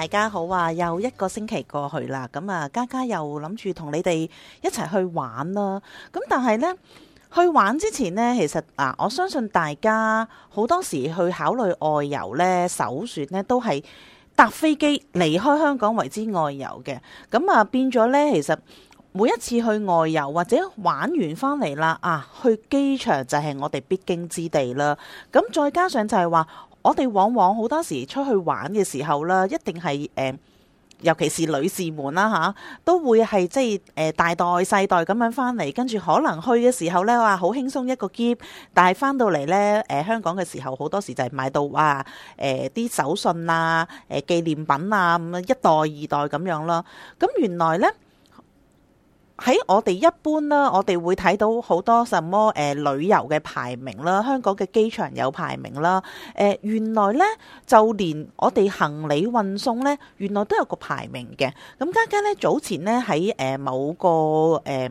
大家好啊！又一個星期過去啦，咁啊，家家又諗住同你哋一齊去玩啦。咁但係呢，去玩之前呢，其實嗱、啊，我相信大家好多時去考慮外遊呢，首選呢都係搭飛機離開香港為之外遊嘅。咁啊，變咗呢，其實每一次去外遊或者玩完翻嚟啦，啊，去機場就係我哋必經之地啦。咁、啊、再加上就係話。我哋往往好多時出去玩嘅時候啦，一定係誒，尤其是女士們啦吓，都會係即係誒大袋細袋咁樣翻嚟，跟住可能去嘅時候咧話好輕鬆一個篋，但係翻到嚟咧誒香港嘅時候，好多時就係買到話誒啲手信啊、誒、呃、紀念品啊咁啊一袋二袋咁樣咯，咁原來咧。喺我哋一般啦，我哋會睇到好多什麼誒、呃、旅遊嘅排名啦，香港嘅機場有排名啦。誒、呃，原來呢，就連我哋行李運送呢，原來都有個排名嘅。咁家家呢，早前呢，喺誒、呃、某個誒。呃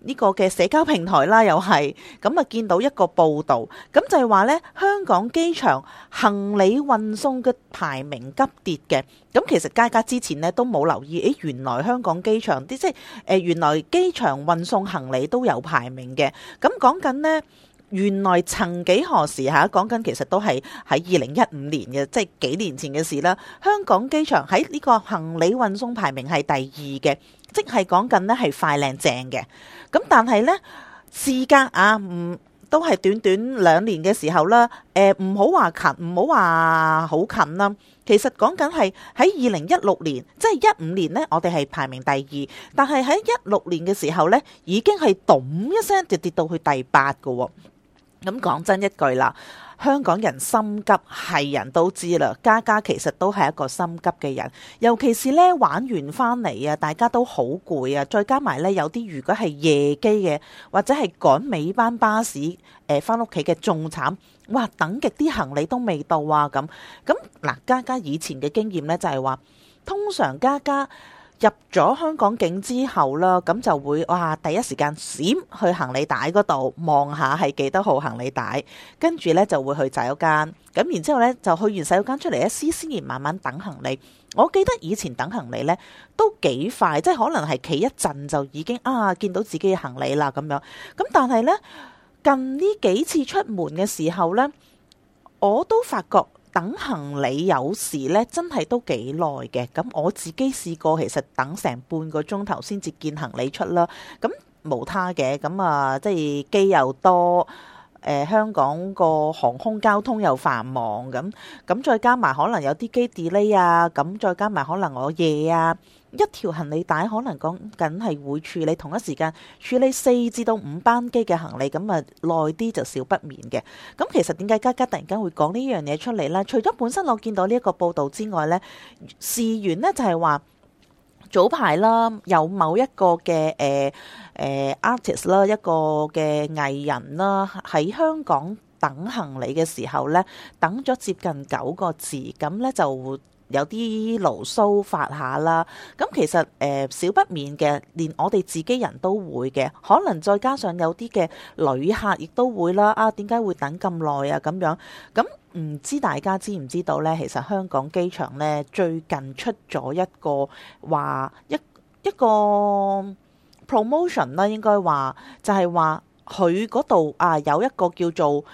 呢個嘅社交平台啦，又係咁啊，見到一個報道，咁就係話呢，香港機場行李運送嘅排名急跌嘅。咁其實家格之前呢都冇留意，誒、哎、原來香港機場啲即係誒、呃、原來機場運送行李都有排名嘅。咁講緊呢。原來曾幾何時嚇講緊，其實都係喺二零一五年嘅，即係幾年前嘅事啦。香港機場喺呢個行李運送排名係第二嘅，即係講緊呢係快靚正嘅。咁但係呢，時間啊唔、嗯、都係短短兩年嘅時候啦。誒唔好話近，唔好話好近啦、啊。其實講緊係喺二零一六年，即係一五年呢，我哋係排名第二，但係喺一六年嘅時候呢，已經係咚一聲就跌到去第八個喎、哦。咁講真一句啦，香港人心急係人都知啦。家家其實都係一個心急嘅人，尤其是咧玩完翻嚟啊，大家都好攰啊，再加埋咧有啲如果係夜機嘅，或者係趕尾班巴士誒翻屋企嘅仲慘，哇！等極啲行李都未到啊咁。咁嗱，家家以前嘅經驗咧就係話，通常家家。入咗香港境之後啦，咁就會哇第一時間閃去行李帶嗰度望下係幾多號行李帶，跟住呢就會去洗手間，咁然之後呢，就去完洗手間出嚟施施然慢慢等行李。我記得以前等行李呢都幾快，即係可能係企一陣就已經啊見到自己嘅行李啦咁樣。咁但係呢近呢幾次出門嘅時候呢，我都發覺。等行李有時咧，真係都幾耐嘅。咁我自己試過，其實等成半個鐘頭先至見行李出啦。咁無他嘅，咁啊，即係機又多，誒、呃、香港個航空交通又繁忙，咁咁再加埋可能有啲機 delay 啊，咁再加埋可能我夜啊。一條行李帶可能講緊係會處理同一時間處理四至到五班機嘅行李，咁啊耐啲就少不免嘅。咁其實點解嘉嘉突然間會講呢樣嘢出嚟呢？除咗本身我見到呢一個報道之外呢，事源呢就係話早排啦，有某一個嘅誒誒 artist 啦，一個嘅藝人啦喺香港等行李嘅時候呢，等咗接近九個字，咁呢就。有啲牢騷發下啦，咁其實誒少、呃、不免嘅，連我哋自己人都會嘅，可能再加上有啲嘅旅客亦都會啦。啊，點解會等咁耐啊？咁樣咁唔、嗯、知大家知唔知道呢？其實香港機場呢，最近出咗一個話一一個 promotion 啦，應該話就係話佢嗰度啊有一個叫做。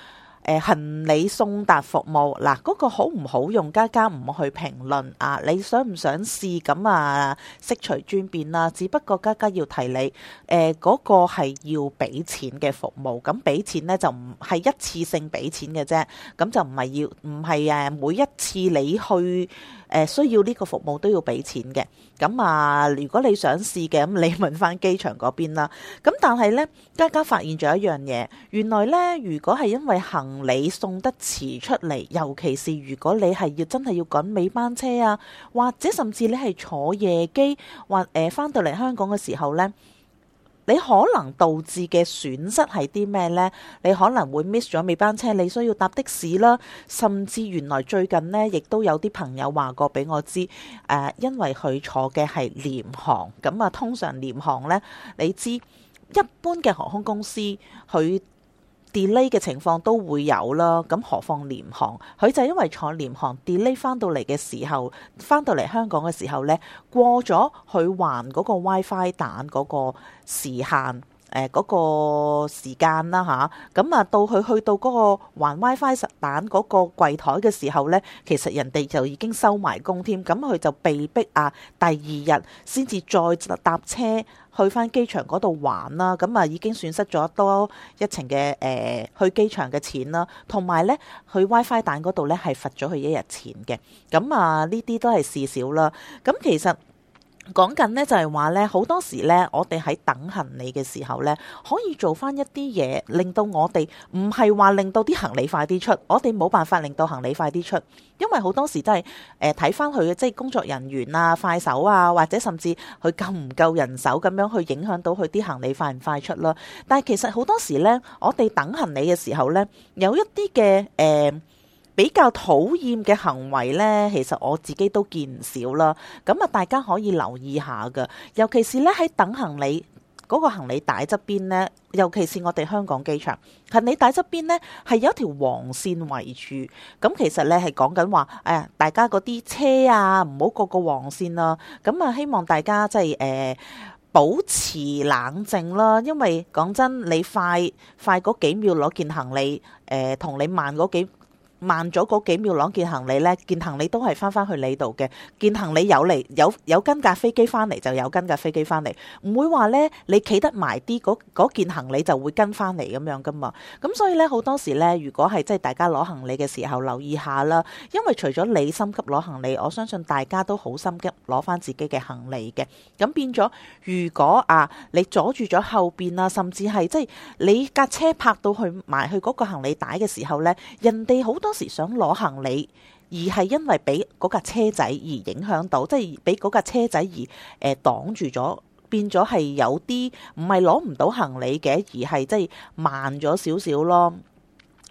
誒行李送達服務嗱，嗰、那個好唔好用？家家唔去評論啊！你想唔想試？咁啊，識除轉變啦。只不過家家要提你，誒、啊、嗰、那個係要俾錢嘅服務。咁俾錢咧就唔係一次性俾錢嘅啫，咁就唔係要唔係誒每一次你去。誒需要呢個服務都要俾錢嘅，咁啊，如果你想試嘅咁，你問翻機場嗰邊啦。咁但係呢，家家發現咗一樣嘢，原來呢，如果係因為行李送得遲出嚟，尤其是如果你係要真係要趕尾班車啊，或者甚至你係坐夜機或誒翻，呃，到嚟香港嘅時候呢。你可能導致嘅損失係啲咩呢？你可能會 miss 咗尾班車，你需要搭的士啦，甚至原來最近呢，亦都有啲朋友話過俾我知，誒、啊，因為佢坐嘅係廉航，咁啊，通常廉航呢，你知一般嘅航空公司佢，delay 嘅情況都會有啦，咁何況廉航，佢就因為坐廉航 delay 翻到嚟嘅時候，翻到嚟香港嘅時候呢，過咗去還嗰個 WiFi 蛋嗰個時限，誒、呃、嗰、嗰個時間啦，吓，咁啊到佢去到嗰個還 WiFi 實蛋嗰個櫃台嘅時候呢，其實人哋就已經收埋工添，咁佢就被逼啊第二日先至再搭車。去翻機場嗰度玩啦，咁啊已經損失咗多一程嘅誒、呃、去機場嘅錢啦，同埋咧去 WiFi 蛋嗰度咧係罰咗佢一日錢嘅，咁啊呢啲都係事小啦，咁其實。講緊呢就係話呢好多時呢，我哋喺等行李嘅時候呢，可以做翻一啲嘢，令到我哋唔係話令到啲行李快啲出。我哋冇辦法令到行李快啲出，因為好多時都係誒睇翻佢嘅，即係工作人員啊、快手啊，或者甚至佢夠唔夠人手咁樣去影響到佢啲行李快唔快出咯。但係其實好多時呢，我哋等行李嘅時候呢，有一啲嘅誒、呃比較討厭嘅行為呢，其實我自己都見唔少啦。咁啊，大家可以留意下嘅，尤其是呢，喺等行李嗰個行李帶側邊呢，尤其是我哋香港機場行李帶側邊呢，係有一條黃線圍住。咁其實呢，係講緊話，誒大家嗰啲車啊，唔好過個黃線啦。咁啊，希望大家即係誒保持冷靜啦，因為講真，你快快嗰幾秒攞件行李，誒、呃、同你慢嗰幾。慢咗嗰幾秒攞件行李咧，件行李都係翻翻去你度嘅。件行李有嚟有有跟架飛機翻嚟，就有跟架飛機翻嚟，唔會話咧你企得埋啲嗰件行李就會跟翻嚟咁樣噶嘛。咁所以咧好多時咧，如果係即係大家攞行李嘅時候留意下啦，因為除咗你心急攞行李，我相信大家都好心急攞翻自己嘅行李嘅。咁變咗，如果啊你阻住咗後邊啊，甚至係即係你架車泊到去埋去嗰個行李帶嘅時候咧，人哋好多時想攞行李，而係因為俾嗰架車仔而影響到，即係俾嗰架車仔而誒擋住咗，變咗係有啲唔係攞唔到行李嘅，而係即係慢咗少少咯。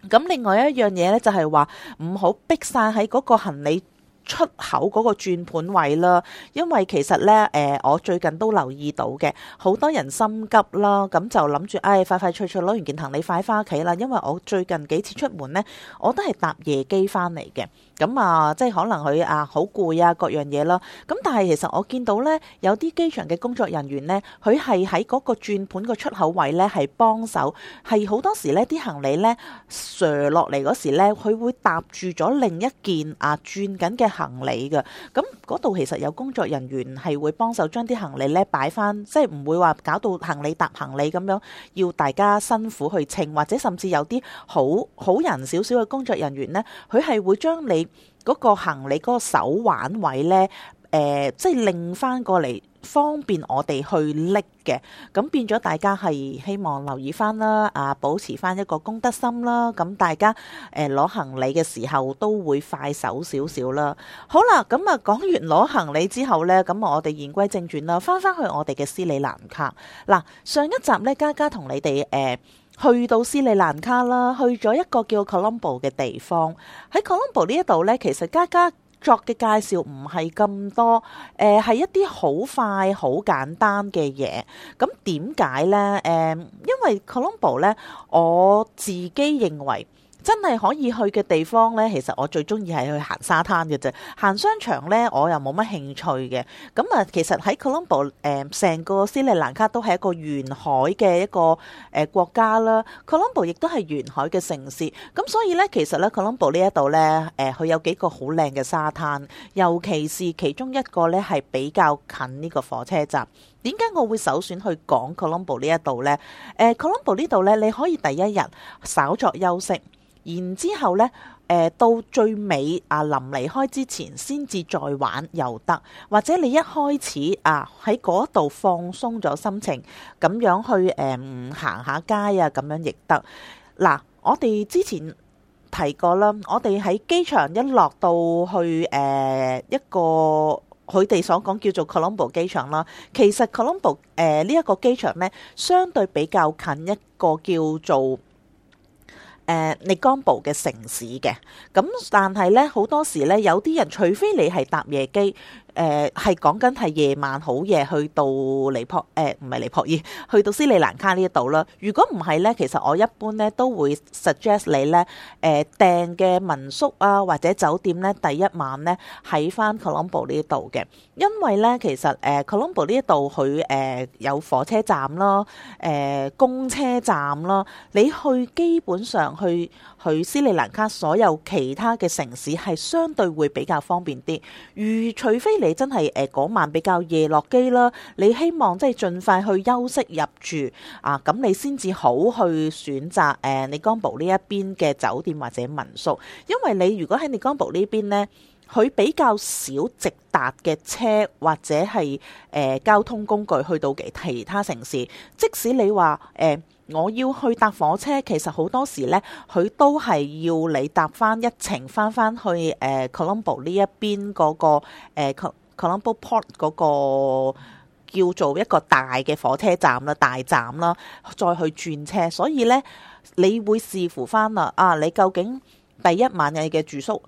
咁另外一樣嘢咧，就係話唔好逼晒喺嗰個行李出口嗰個轉盤位啦，因為其實咧誒、呃、我最近都留意到嘅，好多人心急啦，咁就諗住誒快快脆脆攞完件行李快翻屋企啦。因為我最近幾次出門咧，我都係搭夜機翻嚟嘅，咁、呃、啊，即係可能佢啊好攰啊各樣嘢啦。咁但係其實我見到咧，有啲機場嘅工作人員咧，佢係喺嗰個轉盤個出口位咧係幫手，係好多時咧啲行李咧瀡落嚟嗰時咧，佢會搭住咗另一件啊轉緊嘅。行李嘅，咁嗰度其實有工作人員係會幫手將啲行李咧擺翻，即係唔會話搞到行李搭行李咁樣，要大家辛苦去稱，或者甚至有啲好好人少少嘅工作人員咧，佢係會將你嗰個行李嗰個手挽位咧，誒、呃，即係拎翻過嚟。方便我哋去拎嘅，咁變咗大家係希望留意翻啦，啊，保持翻一個公德心啦，咁、啊、大家誒攞、呃、行李嘅時候都會快手少少啦。好啦，咁啊講完攞行李之後呢，咁我哋言歸正傳啦，翻翻去我哋嘅斯里蘭卡。嗱、啊，上一集呢，嘉嘉同你哋誒、呃、去到斯里蘭卡啦，去咗一個叫 Colombo 嘅地方。喺 Colombo 呢一度呢，其實嘉嘉作嘅介紹唔係咁多，誒、呃、係一啲好快、好簡單嘅嘢。咁點解呢？誒、呃，因為 Colombo 咧，我自己認為，真係可以去嘅地方呢？其實我最中意係去行沙灘嘅啫。行商場呢，我又冇乜興趣嘅。咁啊，其實喺 Colombo 誒，成個斯里蘭卡都係一個沿海嘅一個誒國家啦。Colombo 亦都係沿海嘅城市，咁所以呢，其實咧，Colombo 呢一度呢，誒佢有幾個好靚嘅沙灘，尤其是其中一個呢，係比較近呢個火車站。點解我會首選去講 Colombo 呢一度呢誒，Colombo 呢度呢，你可以第一日稍作休息。然之後呢，誒、呃、到最尾啊，臨離開之前先至再玩又得，或者你一開始啊喺嗰度放鬆咗心情，咁樣去誒、呃、行下街啊，咁樣亦得。嗱，我哋之前提過啦，我哋喺機場一落到去誒、呃、一個佢哋所講叫做 Colombo 機場啦，其實 Colombo 誒、呃、呢一、這個機場呢，相對比較近一個叫做。誒，你幹、uh, 部嘅城市嘅，咁但係咧，好多時咧，有啲人除非你係搭夜機。誒，係講緊係夜晚好夜去到尼泊，誒唔係尼泊爾，去到斯里蘭卡呢一度啦。如果唔係咧，其實我一般咧都會 suggest 你咧誒訂嘅民宿啊或者酒店咧，第一晚咧喺翻 Colombo 呢度嘅，因為咧其實誒、呃、Colombo 呢一度佢誒、呃、有火車站囉、誒、呃、公車站囉，你去基本上去去斯里蘭卡所有其他嘅城市係相對會比較方便啲，如除非。你真係誒嗰晚比較夜落機啦，你希望即係盡快去休息入住啊，咁你先至好去選擇誒尼干堡呢一邊嘅酒店或者民宿，因為你如果喺尼干堡呢邊呢，佢比較少直達嘅車或者係誒、呃、交通工具去到其他城市，即使你話誒。呃我要去搭火車，其實好多時咧，佢都係要你搭翻一程，翻翻去誒 Colombo 呢一邊嗰個 Colombo Port 嗰個叫做一個大嘅火車站啦，大站啦，再去轉車。所以咧，你會視乎翻啦，啊，你究竟第一晚你嘅住宿，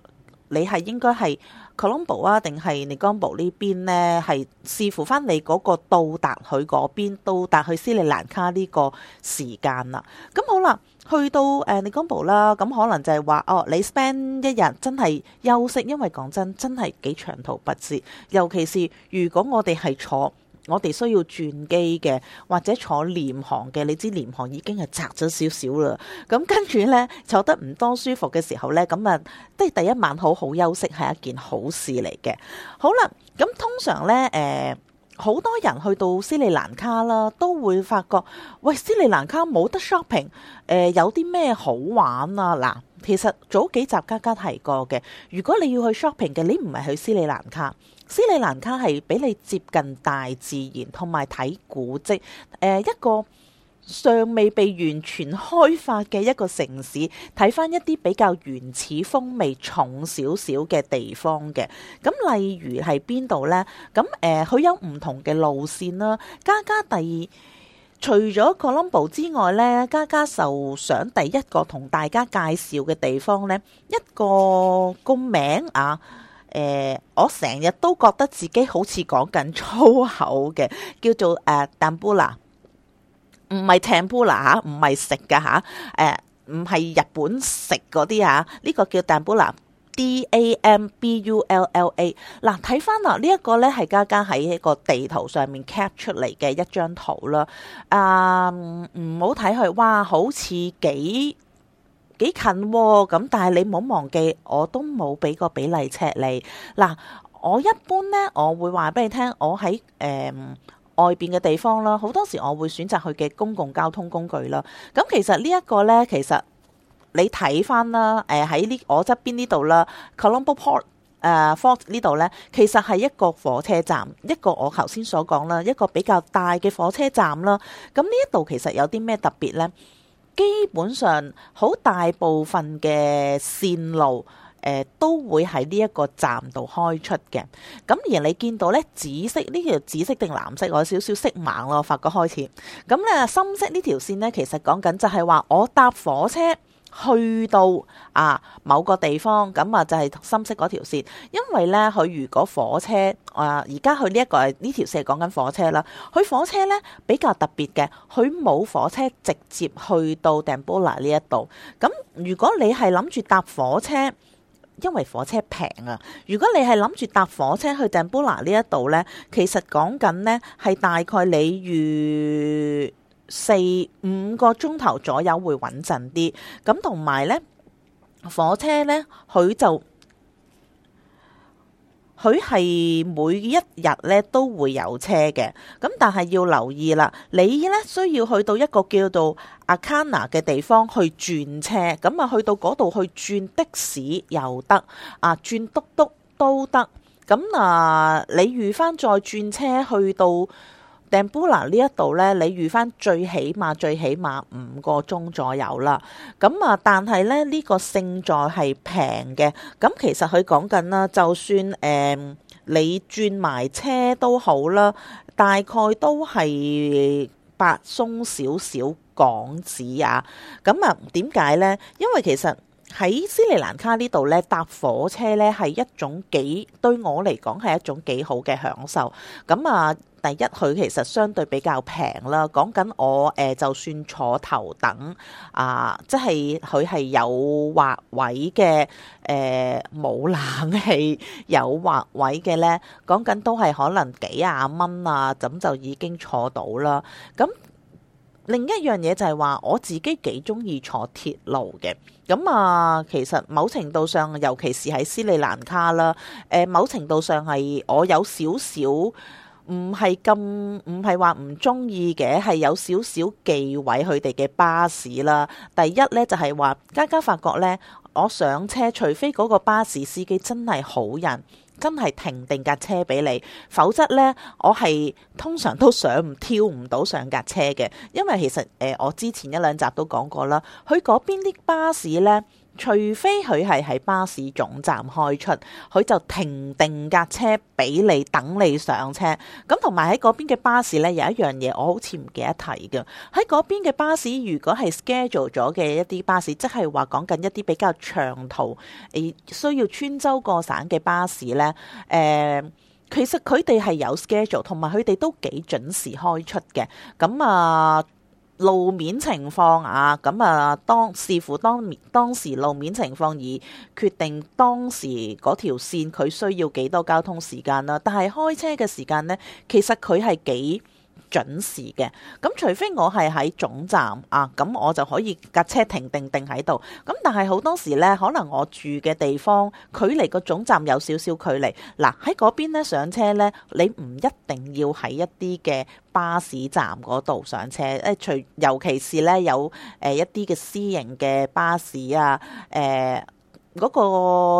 你係應該係。Colombo 啊，定係尼干布呢邊呢？係視乎翻你嗰個到達佢嗰邊，到達去斯里蘭卡呢個時間啦。咁好啦，去到誒尼干布啦，咁可能就係話，哦，你 spend 一日真係休息，因為講真，真係幾長途跋涉，尤其是如果我哋係坐。我哋需要轉機嘅，或者坐廉航嘅，你知廉航已經係窄咗少少啦。咁跟住呢，坐得唔多舒服嘅時候呢，咁啊，即係第一晚好好休息係一件好事嚟嘅。好啦，咁通常呢，誒、呃，好多人去到斯里蘭卡啦，都會發覺，喂，斯里蘭卡冇得 shopping，誒、呃，有啲咩好玩啊？嗱，其實早幾集嘉嘉提過嘅，如果你要去 shopping 嘅，你唔係去斯里蘭卡。斯里蘭卡係俾你接近大自然，同埋睇古蹟，誒、呃、一個尚未被完全開發嘅一個城市，睇翻一啲比較原始風味重少少嘅地方嘅，咁、嗯、例如係邊度呢？咁、嗯、誒，佢、呃、有唔同嘅路線啦、啊。加加第二，除咗 Colombo 之外呢，加加就想第一個同大家介紹嘅地方呢，一個個名啊。誒、呃，我成日都覺得自己好似講緊粗口嘅，叫做 Dambulla，唔係 Tambula 嚇，唔、uh, 係、啊、食嘅嚇，誒唔係日本食嗰啲嚇，呢、啊這個叫 Dambulla，D A M B U L L A，嗱睇翻嗱，呢加加一個咧係家家喺個地圖上面 cap 出嚟嘅一張圖啦，啊唔好睇佢，哇好似幾～幾近喎？咁但係你唔好忘記，我都冇俾個比例尺你。嗱，我一般咧，我會話俾你聽，我喺誒、呃、外邊嘅地方啦，好多時我會選擇去嘅公共交通工具啦。咁其實呢一個咧，其實你睇翻啦，誒、呃、喺、呃、呢我側邊呢度啦，Colombo Port 誒 Fort 呢度咧，其實係一個火車站，一個我頭先所講啦，一個比較大嘅火車站啦。咁呢一度其實有啲咩特別咧？基本上好大部分嘅線路誒、呃、都會喺呢一個站度開出嘅，咁而你見到咧紫色呢條、這個、紫色定藍色，我有少少色盲咯，我發覺開始，咁、嗯、咧深色條呢條線咧其實講緊就係話我搭火車。去到啊某個地方，咁啊就係深色嗰條線，因為咧佢如果火車啊，而家去呢、這、一個係呢條線講緊火車啦。佢火車咧比較特別嘅，佢冇火車直接去到 Dambulla 呢一度。咁、嗯、如果你係諗住搭火車，因為火車平啊。如果你係諗住搭火車去 Dambulla 呢一度咧，其實講緊咧係大概你預四五個鐘頭左右會穩陣啲，咁同埋呢火車呢，佢就佢係每一日呢都會有車嘅，咁但係要留意啦，你呢需要去到一個叫做阿卡納嘅地方去轉車，咁啊去到嗰度去轉的士又得，啊轉嘟嘟都得，咁嗱你預翻再轉車去到 Dambulla 呢一度呢，你預翻最起碼最起碼五個鐘左右啦。咁啊，但係咧呢個勝在係平嘅。咁其實佢講緊啦，就算誒、呃、你轉埋車都好啦，大概都係八鬆少少港紙啊。咁啊，點解呢？因為其實喺斯里蘭卡呢度呢，搭火車呢係一種幾對我嚟講係一種幾好嘅享受。咁啊～第一，佢其實相對比較平啦。講緊我誒，就算坐頭等啊，即係佢係有劃位嘅，誒、啊、冇冷氣有劃位嘅呢，講緊都係可能幾廿蚊啊，咁就已經坐到啦。咁另一樣嘢就係話我自己幾中意坐鐵路嘅。咁啊，其實某程度上，尤其是喺斯里蘭卡啦，誒、呃、某程度上係我有少少。唔係咁，唔係話唔中意嘅，係有少少忌諱佢哋嘅巴士啦。第一呢，就係話，家家發覺呢，我上車除非嗰個巴士司機真係好人，真係停定架車俾你，否則呢，我係通常都上唔跳唔到上架車嘅。因為其實誒、呃，我之前一兩集都講過啦，佢嗰邊啲巴士呢。除非佢係喺巴士總站開出，佢就停定架車俾你等你上車。咁同埋喺嗰邊嘅巴士呢，有一樣嘢我好似唔記得提嘅。喺嗰邊嘅巴士，如果係 schedule 咗嘅一啲巴士，即係話講緊一啲比較長途而需要穿州過省嘅巴士呢。誒、呃，其實佢哋係有 schedule，同埋佢哋都幾準時開出嘅。咁啊～路面情況啊，咁啊，當視乎當當時路面情況而決定當時嗰條線佢需要幾多交通時間啦。但係開車嘅時間咧，其實佢係幾準時嘅，咁除非我係喺總站啊，咁我就可以架車停定定喺度。咁但係好多時呢，可能我住嘅地方距離個總站有少少距離，嗱喺嗰邊咧，上車呢，你唔一定要喺一啲嘅巴士站嗰度上車，咧，除尤其是呢，有誒一啲嘅私營嘅巴士啊，誒、呃、嗰、嗰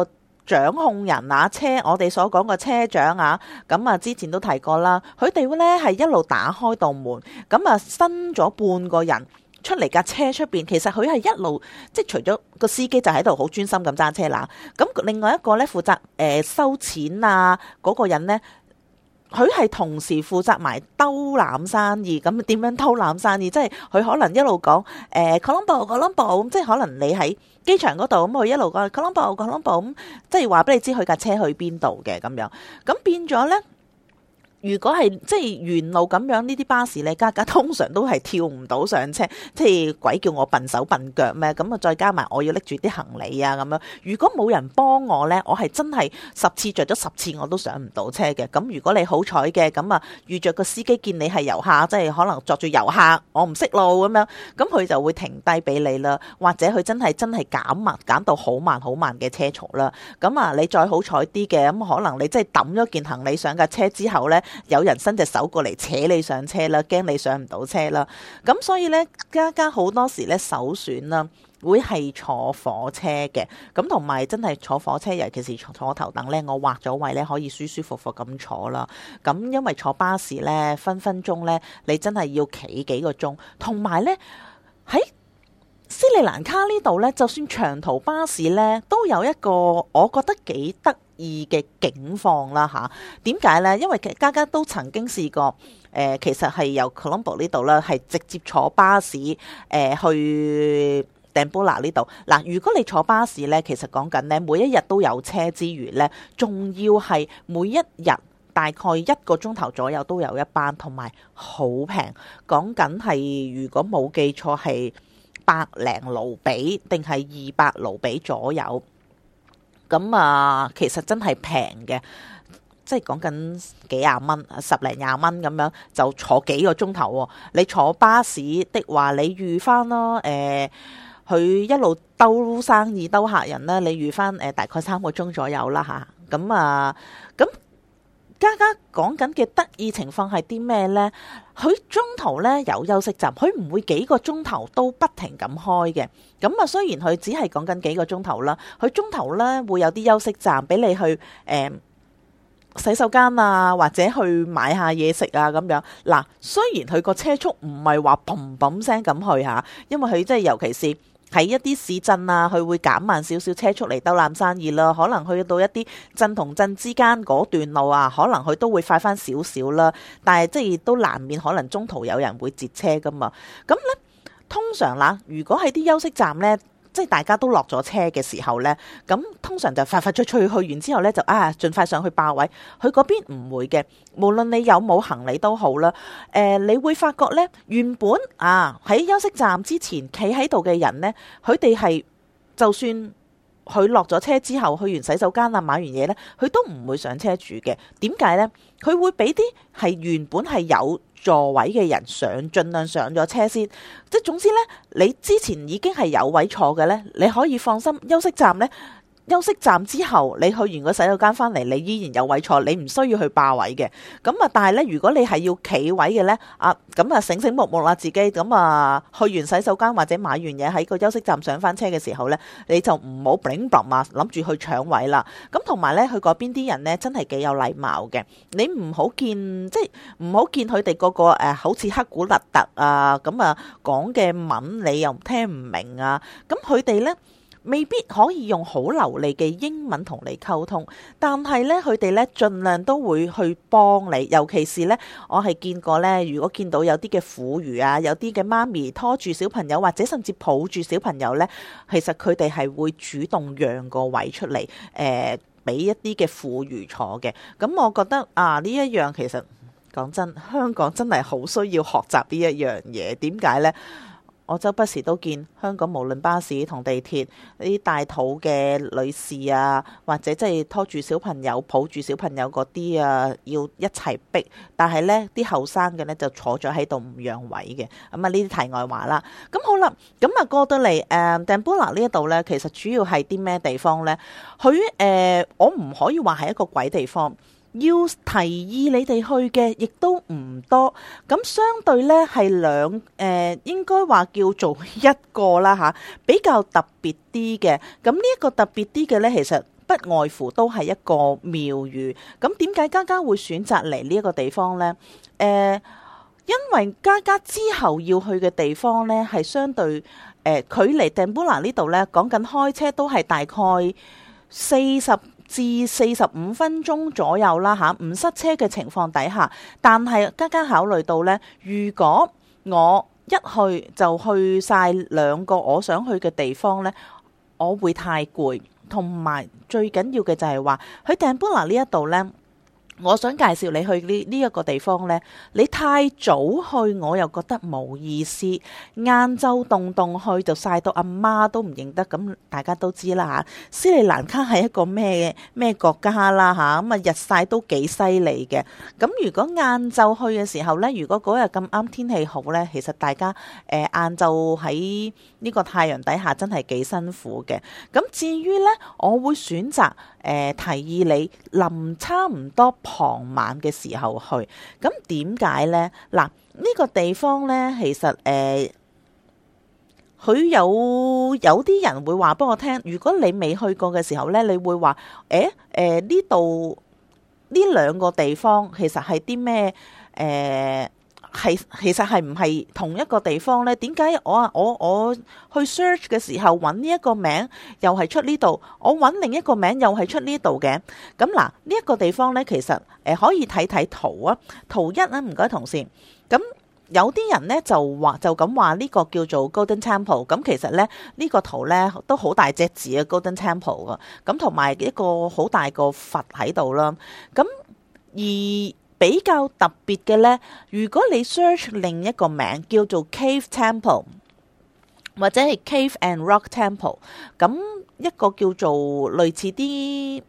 個。掌控人啊，車我哋所講個車長啊，咁啊之前都提過啦，佢哋咧係一路打開道門，咁啊伸咗半個人出嚟架車出邊，其實佢係一路即係除咗個司機就喺度好專心咁揸車啦，咁另外一個咧負責誒、呃、收錢啊嗰、嗰個人咧。佢係同時負責埋兜攬生意，咁點樣兜攬生意？即係佢可能一路講誒 Colombo，Colombo，咁即係可能你喺機場嗰度，咁佢一路講 Colombo，Colombo，咁即係話俾你知佢架車去邊度嘅咁樣，咁變咗咧。如果係即係沿路咁樣，呢啲巴士咧，家家通常都係跳唔到上車，即係鬼叫我笨手笨腳咩？咁啊，再加埋我要拎住啲行李啊咁樣。如果冇人幫我咧，我係真係十次着咗十次我都上唔到車嘅。咁如果你好彩嘅，咁啊遇着個司機見你係遊客，即係可能作住遊客，我唔識路咁樣，咁佢就會停低俾你啦。或者佢真係真係減慢減到好慢好慢嘅車速啦。咁啊，你再好彩啲嘅，咁可能你真係揼咗件行李上架車之後咧。有人伸隻手過嚟扯你上車啦，驚你上唔到車啦。咁所以咧，家家好多時咧，首選啦，會係坐火車嘅。咁同埋真係坐火車，尤其是坐坐頭等咧，我劃咗位咧，可以舒舒服服咁坐啦。咁因為坐巴士咧，分分鐘咧，你真係要企幾個鐘，同埋咧喺。斯里蘭卡呢度呢，就算長途巴士呢，都有一個我覺得幾得意嘅境況啦吓。點、啊、解呢？因為家家都曾經試過，誒、呃，其實係由 Colombo 呢度啦，係直接坐巴士誒、呃、去 Dambulla 呢度。嗱，如果你坐巴士呢，其實講緊呢，每一日都有車之餘呢，仲要係每一日大概一個鐘頭左右都有一班，同埋好平。講緊係如果冇記錯係。百零盧比定係二百盧比左右，咁啊，其實真係平嘅，即係講緊幾廿蚊、十零廿蚊咁樣就坐幾個鐘頭，哦。你坐巴士的話，你預翻啦，誒、呃，佢一路兜生意兜客人啦。你預翻誒大概三個鐘左右啦吓，咁啊，咁。家家講緊嘅得意情況係啲咩呢？佢中途呢有休息站，佢唔會幾個鐘頭都不停咁開嘅。咁啊，雖然佢只係講緊幾個鐘頭啦，佢中途呢會有啲休息站俾你去誒、呃、洗手間啊，或者去買下嘢食啊咁樣。嗱，雖然佢個車速唔係話砰砰聲咁去嚇，因為佢即係尤其是。喺一啲市鎮啊，佢會減慢少少車速嚟兜攬生意啦。可能去到一啲鎮同鎮之間嗰段路啊，可能佢都會快返少少啦。但係即係都難免可能中途有人會截車噶嘛。咁呢，通常啦，如果喺啲休息站呢。即係大家都落咗車嘅時候呢，咁通常就快快脆脆去完之後呢，就啊盡快上去霸位。佢嗰邊唔會嘅，無論你有冇行李都好啦。誒、呃，你會發覺呢，原本啊喺休息站之前企喺度嘅人呢，佢哋係就算。佢落咗車之後去完洗手間呀，買完嘢呢，佢都唔會上車住嘅。點解呢？佢會俾啲係原本係有座位嘅人上，盡量上咗車先。即係總之呢，你之前已經係有位坐嘅呢，你可以放心休息站呢。休息站之後，你去完個洗手間翻嚟，你依然有位坐，你唔需要去霸位嘅。咁啊，但係咧，如果你係要企位嘅咧，啊，咁啊，醒醒目目啦、啊、自己。咁啊，去完洗手間或者買完嘢喺個休息站上翻車嘅時候咧，你就唔好炳卜嘛，諗住去搶位啦。咁同埋咧，去嗰邊啲人咧真係幾有禮貌嘅。你唔好見即係唔好見佢哋個個誒，好似黑古勒特啊咁啊，講嘅文你又聽唔明啊。咁佢哋咧，未必可以用好流利嘅英文同你溝通，但係咧佢哋咧盡量都會去幫你，尤其是咧我係見過咧，如果見到有啲嘅婦孺啊，有啲嘅媽咪拖住小朋友，或者甚至抱住小朋友咧，其實佢哋係會主動讓個位出嚟，誒、呃、俾一啲嘅婦孺坐嘅。咁、嗯、我覺得啊，呢一樣其實講真，香港真係好需要學習呢一樣嘢。點解咧？我周不時都見香港無論巴士同地鐵，呢啲大肚嘅女士啊，或者即係拖住小朋友、抱住小朋友嗰啲啊，要一齊逼。但係咧，啲後生嘅咧就坐咗喺度唔讓位嘅。咁啊，呢啲題外話啦。咁好啦，咁啊，過到嚟。誒 Dambulla 呢一度咧，其實主要係啲咩地方咧？佢誒、呃，我唔可以話係一個鬼地方。要提議你哋去嘅，亦都唔多。咁相對呢，係兩誒、呃，應該話叫做一個啦吓，比較特別啲嘅。咁呢一個特別啲嘅呢，其實不外乎都係一個廟宇。咁點解嘉嘉會選擇嚟呢一個地方呢？誒、呃，因為嘉嘉之後要去嘅地方呢，係相對誒、呃、距離 Dambulla 呢度呢，講緊開車都係大概四十至四十五分鐘左右啦，嚇唔塞車嘅情況底下。但係家家考慮到呢，如果我一去就去晒兩個我想去嘅地方呢，我會太攰，同埋最緊要嘅就係話喺丹布拉呢一度呢。我想介紹你去呢呢一個地方呢。你太早去我又覺得冇意思。晏晝凍凍，去就曬到阿媽，媽都唔認得，咁大家都知啦吓。斯里蘭卡係一個咩咩國家啦吓，咁、嗯、啊日曬都幾犀利嘅。咁如果晏晝去嘅時候呢？如果嗰日咁啱天氣好呢？其實大家誒晏晝喺。呃呢個太陽底下真係幾辛苦嘅。咁至於呢，我會選擇誒、呃、提議你臨差唔多傍晚嘅時候去。咁點解呢？嗱，呢、呢個地方呢，其實誒，佢、呃、有有啲人會話俾我聽。如果你未去過嘅時候呢，你會話，誒誒呢度呢兩個地方其實係啲咩誒？呃係其實係唔係同一個地方咧？點解我啊我我去 search 嘅時候揾呢一個名又係出呢度，我揾另一個名又係出呢度嘅？咁嗱，呢、這、一個地方咧，其實誒、呃、可以睇睇圖啊。圖一啊，唔該，同事。咁有啲人咧就話就咁話呢個叫做 Golden Temple。咁其實咧呢、這個圖咧都好大隻字嘅 Golden Temple 啊。咁同埋一個好大個佛喺度啦。咁而……比較特別嘅呢，如果你 search 另一個名叫做 cave temple，或者係 cave and rock temple，咁一個叫做類似啲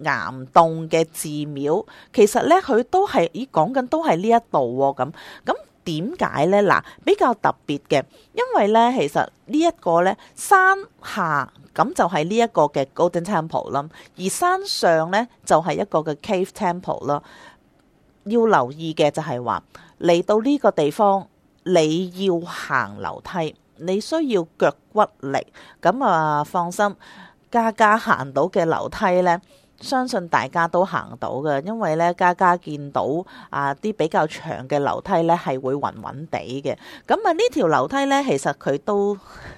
岩洞嘅寺廟，其實呢，佢都係咦講緊都係呢一度喎咁。咁點解呢？嗱，比較特別嘅，因為呢，其實呢一個呢，山下咁就係呢一個嘅 golden temple 啦，而山上呢，就係一個嘅 cave temple 啦。要留意嘅就係話，嚟到呢個地方，你要行樓梯，你需要腳骨力。咁啊，放心，家家行到嘅樓梯呢，相信大家都行到嘅，因為咧家家見到啊啲比較長嘅樓梯咧係會暈暈地嘅。咁、嗯、啊條樓呢條樓梯咧，其實佢都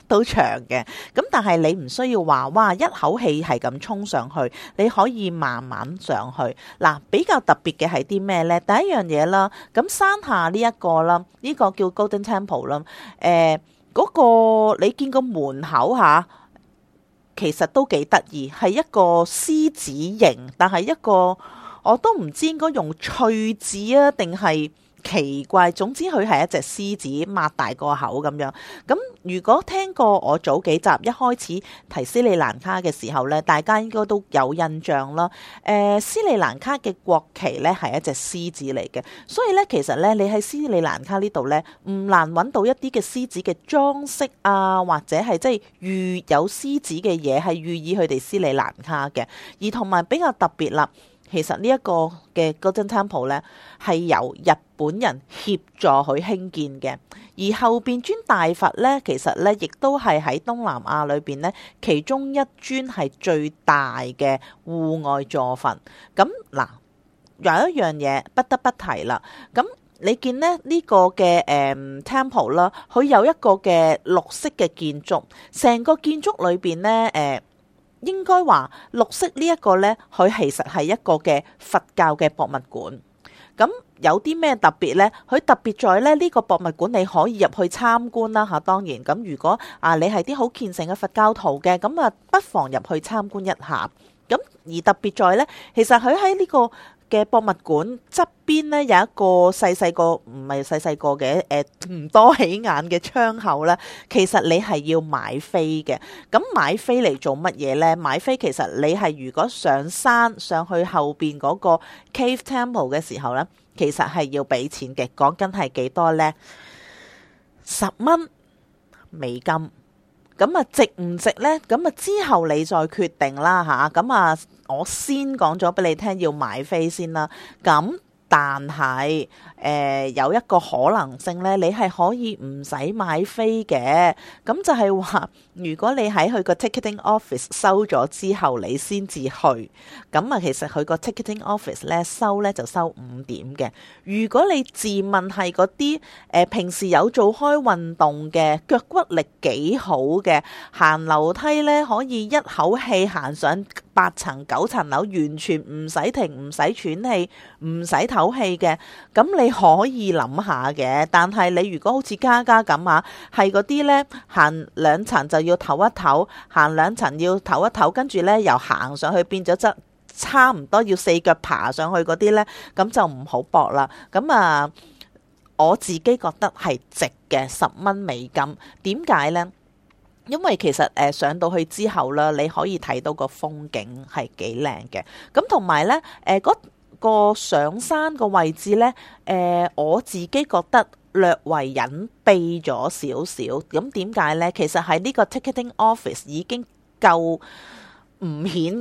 都長嘅。咁、嗯、但係你唔需要話哇一口氣係咁衝上去，你可以慢慢上去。嗱、啊、比較特別嘅係啲咩咧？第一樣嘢啦，咁、啊、山下呢、這、一個啦，呢、這個叫 Golden Temple 啦、啊。誒、那、嗰、個、你見個門口嚇。啊其實都幾得意，係一個獅子形，但係一個我都唔知應該用翠紙，啊，定係。奇怪，總之佢係一隻獅子，擘大個口咁樣。咁如果聽過我早幾集一開始提斯里蘭卡嘅時候呢，大家應該都有印象啦。誒、呃，斯里蘭卡嘅國旗呢係一隻獅子嚟嘅，所以呢，其實呢，你喺斯里蘭卡呢度呢，唔難揾到一啲嘅獅子嘅裝飾啊，或者係即係寓有獅子嘅嘢係寓意佢哋斯里蘭卡嘅，而同埋比較特別啦。其實呢一個嘅嗰間 temple 咧係由日本人協助佢興建嘅，而後邊尊大佛咧，其實咧亦都係喺東南亞裏邊咧，其中一尊係最大嘅戶外坐佛。咁嗱，有一樣嘢不得不提啦。咁你見咧呢、這個嘅誒、嗯、temple 啦，佢有一個嘅綠色嘅建築，成個建築裏邊咧誒。呃應該話綠色呢一個呢，佢其實係一個嘅佛教嘅博物館。咁有啲咩特別呢？佢特別在咧呢個博物館你可以入去參觀啦吓。當然咁，如果啊你係啲好虔誠嘅佛教徒嘅，咁啊不妨入去參觀一下。咁而特別在呢，其實佢喺呢個嘅博物館側邊咧，有一個細細個，唔係細細個嘅，誒，唔多起眼嘅窗口啦，其實你係要買飛嘅，咁買飛嚟做乜嘢呢？買飛其實你係如果上山上去後邊嗰個 Cave Temple 嘅時候呢，其實係要俾錢嘅，講緊係幾多呢？十蚊美金。咁啊，值唔值呢？咁啊，之後你再決定啦吓，咁啊，啊，我先講咗俾你聽要買飛先啦。咁但係誒、呃、有一個可能性呢，你係可以唔使買飛嘅。咁就係話。如果你喺佢個 ticketing office 收咗之後，你先至去，咁啊其實佢個 ticketing office 咧收咧就收五點嘅。如果你自問係啲誒平時有做開運動嘅，腳骨力幾好嘅，行樓梯咧可以一口氣行上八層九層樓完全唔使停，唔使喘氣，唔使唞氣嘅，咁你可以諗下嘅。但係你如果好似嘉嘉咁啊係啲咧，行兩層就要要唞一唞，行兩層要唞一唞，跟住咧又行上去變，變咗側差唔多要四腳爬上去嗰啲咧，咁就唔好搏啦。咁啊，我自己覺得係值嘅十蚊美金。點解咧？因為其實誒、呃、上到去之後啦，你可以睇到個風景係幾靚嘅。咁同埋咧，誒、呃、嗰、那個上山個位置咧，誒、呃、我自己覺得。略為隱秘咗少少，咁點解呢？其實喺呢個 ticketing office 已經夠唔顯眼，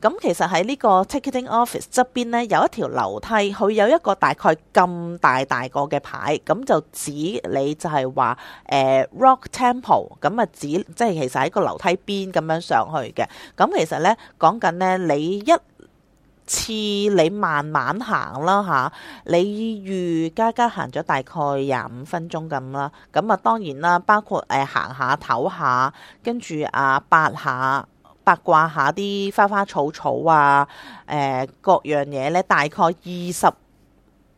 咁其實喺呢個 ticketing office 側邊呢，有一條樓梯，佢有一個大概咁大大個嘅牌，咁就指你就係話、呃、Rock Temple，咁啊指即係其實喺個樓梯邊咁樣上去嘅，咁其實呢，講緊呢你一。似你慢慢行啦吓，你預家家行咗大概廿五分鐘咁啦，咁啊當然啦，包括誒、呃、行下唞下，跟住啊八下八卦下啲花花草草啊，誒、呃、各樣嘢咧大概二十。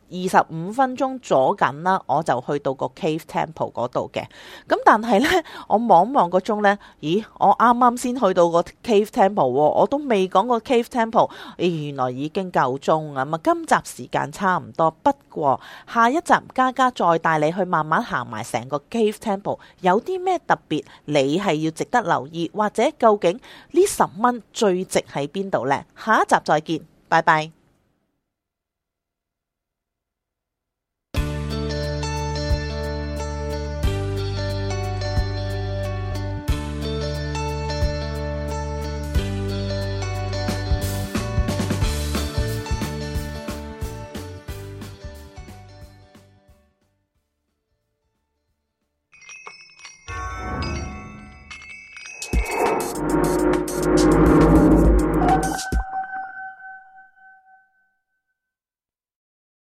二十五分鐘咗緊啦，我就去到個 Cave Temple 嗰度嘅。咁但係呢，我望望個鐘呢。咦，我啱啱先去到個 Cave Temple，我都未講個 Cave Temple，哎，原來已經夠鐘啊！咁啊，今集時間差唔多，不過下一集嘉嘉再帶你去慢慢行埋成個 Cave Temple，有啲咩特別，你係要值得留意，或者究竟呢十蚊最值喺邊度呢？下一集再見，拜拜。